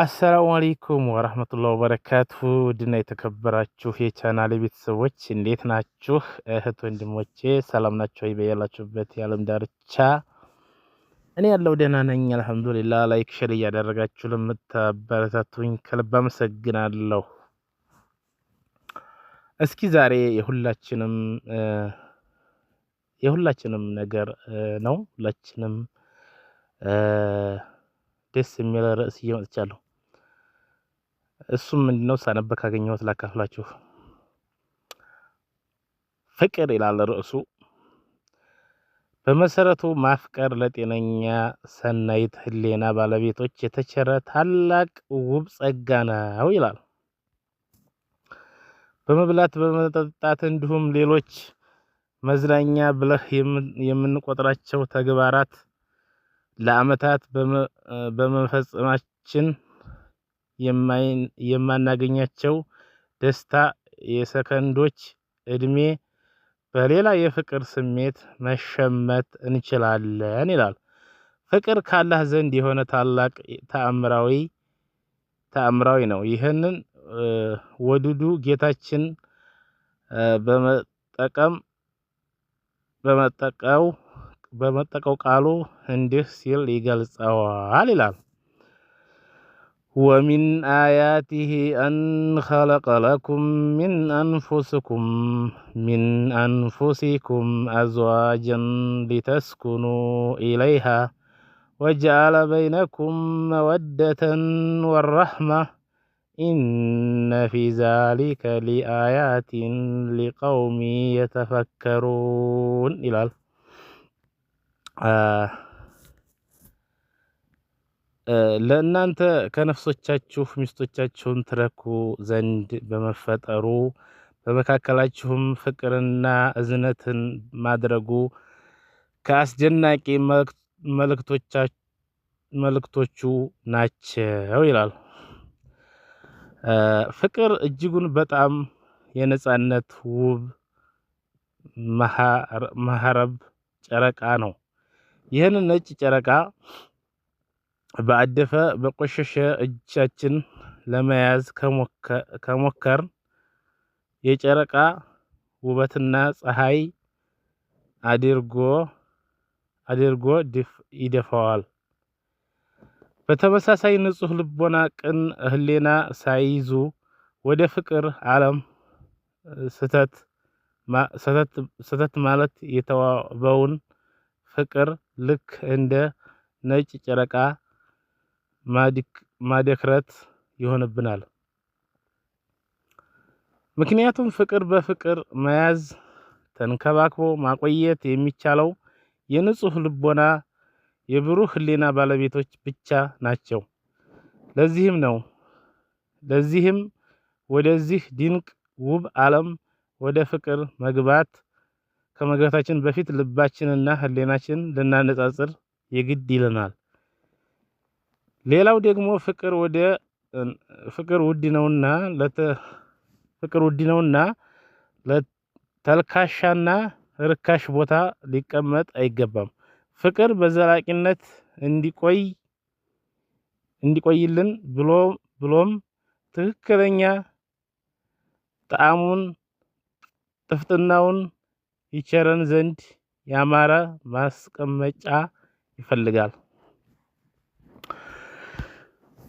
አሰላሙ አሌይኩም ወራህመቱላሂ ወበረካቱ ድና የተከበራችሁ የቻናል ቤተሰቦች እንዴት ናችሁ? እህት ወንድሞቼ ሰላም ናቸው ይበያላችሁበት የዓለም ዳርቻ እኔ ያለው ደህና ነኝ አልሐምዱሊላ። ላይክ ሸር እያደረጋችሁ ለምታበረታቱኝ ከልብ አመሰግናለሁ። እስኪ ዛሬ የሁላችንም የሁላችንም ነገር ነው። ሁላችንም ደስ የሚል ርዕስ እሱም ምንድነው ሳነብ ካገኘሁት ላካፍላችሁ። ፍቅር ይላል ርዕሱ። በመሰረቱ ማፍቀር ለጤነኛ ሰናይት ህሌና ባለቤቶች የተቸረ ታላቅ ውብ ጸጋ ነው ይላል። በመብላት በመጠጣት እንዲሁም ሌሎች መዝናኛ ብለህ የምንቆጥራቸው ተግባራት ለአመታት በመፈጸማችን የማናገኛቸው ደስታ የሰከንዶች እድሜ በሌላ የፍቅር ስሜት መሸመት እንችላለን ይላል። ፍቅር ካላህ ዘንድ የሆነ ታላቅ ተአምራዊ ተአምራዊ ነው። ይህንን ወዱዱ ጌታችን በመጠቀም በመጠቀው በመጠቀው ቃሉ እንዲህ ሲል ይገልጸዋል ይላል። ومن آياته أن خلق لكم من أنفسكم من أنفسكم أزواجا لتسكنوا إليها وجعل بينكم مودة والرحمة إن في ذلك لآيات لقوم يتفكرون إلى آه ለእናንተ ከነፍሶቻችሁ ሚስቶቻችሁን ትረኩ ዘንድ በመፈጠሩ በመካከላችሁም ፍቅርና እዝነትን ማድረጉ ከአስደናቂ መልእክቶቹ ናቸው ይላል። ፍቅር እጅጉን በጣም የነጻነት ውብ መሀረብ ጨረቃ ነው። ይህን ነጭ ጨረቃ በአደፈ በቆሸሸ እጃችን ለመያዝ ከሞከር የጨረቃ ውበትና ፀሐይ አድርጎ ይደፋዋል። በተመሳሳይ ንጹህ ልቦና፣ ቅን ህሌና ሳይዙ ወደ ፍቅር ዓለም ስተት ማለት የተዋበውን ፍቅር ልክ እንደ ነጭ ጨረቃ ማደክረት ይሆንብናል። ምክንያቱም ፍቅር በፍቅር መያዝ ተንከባክቦ ማቆየት የሚቻለው የንጹህ ልቦና የብሩህ ሕሊና ባለቤቶች ብቻ ናቸው። ለዚህም ነው ለዚህም ወደዚህ ድንቅ ውብ ዓለም ወደ ፍቅር መግባት ከመግባታችን በፊት ልባችንና ሕሊናችን ልናነጻጽር የግድ ይለናል። ሌላው ደግሞ ፍቅር ወደ ፍቅር ውድ ነውና ፍቅር ውድ ነውና ለተልካሻና ርካሽ ቦታ ሊቀመጥ አይገባም። ፍቅር በዘላቂነት እንዲቆይ እንዲቆይልን ብሎ ብሎም ትክክለኛ ጣዕሙን ጥፍጥናውን ይቸረን ዘንድ ያማረ ማስቀመጫ ይፈልጋል።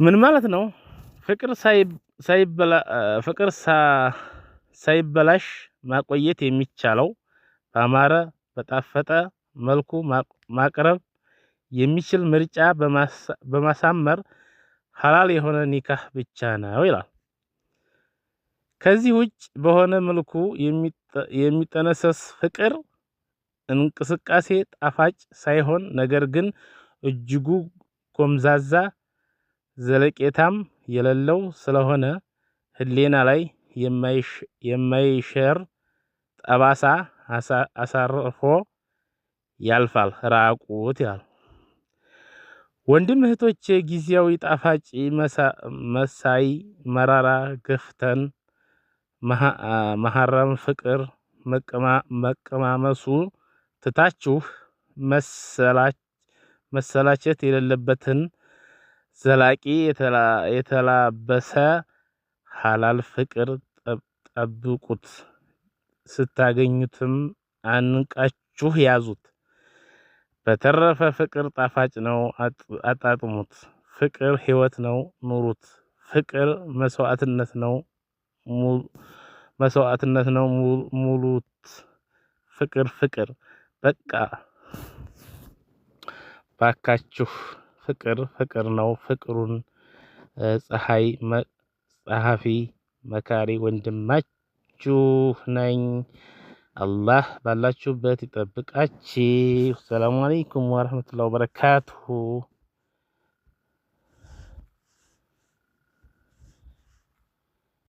ምን ማለት ነው? ፍቅር ሳይበላሽ ማቆየት የሚቻለው ባማረ በጣፈጠ መልኩ ማቅረብ የሚችል ምርጫ በማሳመር ሐላል የሆነ ኒካህ ብቻ ነው ይላል። ከዚህ ውጭ በሆነ መልኩ የሚጠነሰስ ፍቅር እንቅስቃሴ ጣፋጭ ሳይሆን ነገር ግን እጅጉ ጎምዛዛ ዘለቄታም የሌለው ስለሆነ ህሌና ላይ የማይሸር ጠባሳ አሳርፎ ያልፋል ራቁት ይላል። ወንድም እህቶች ጊዜያዊ ጣፋጭ መሳይ መራራ ገፍተን መሐረም ፍቅር መቀማመሱ ትታችሁ መሰላቸት የሌለበትን ዘላቂ የተላበሰ ሀላል ፍቅር ጠብቁት። ስታገኙትም አንቃችሁ ያዙት። በተረፈ ፍቅር ጣፋጭ ነው፣ አጣጥሙት። ፍቅር ህይወት ነው፣ ኑሩት። ፍቅር መስዋዕትነት ነው፣ መስዋዕትነት ነው፣ ሙሉት። ፍቅር ፍቅር በቃ ባካችሁ ፍቅር ፍቅር ነው። ፍቅሩን ፀሐይ ጸሐፊ መካሪ ወንድማችሁ ነኝ። አላህ ባላችሁበት ይጠብቃችሁ። ሰላሙ አለይኩም ወረህመቱላሂ ወበረካቱሁ።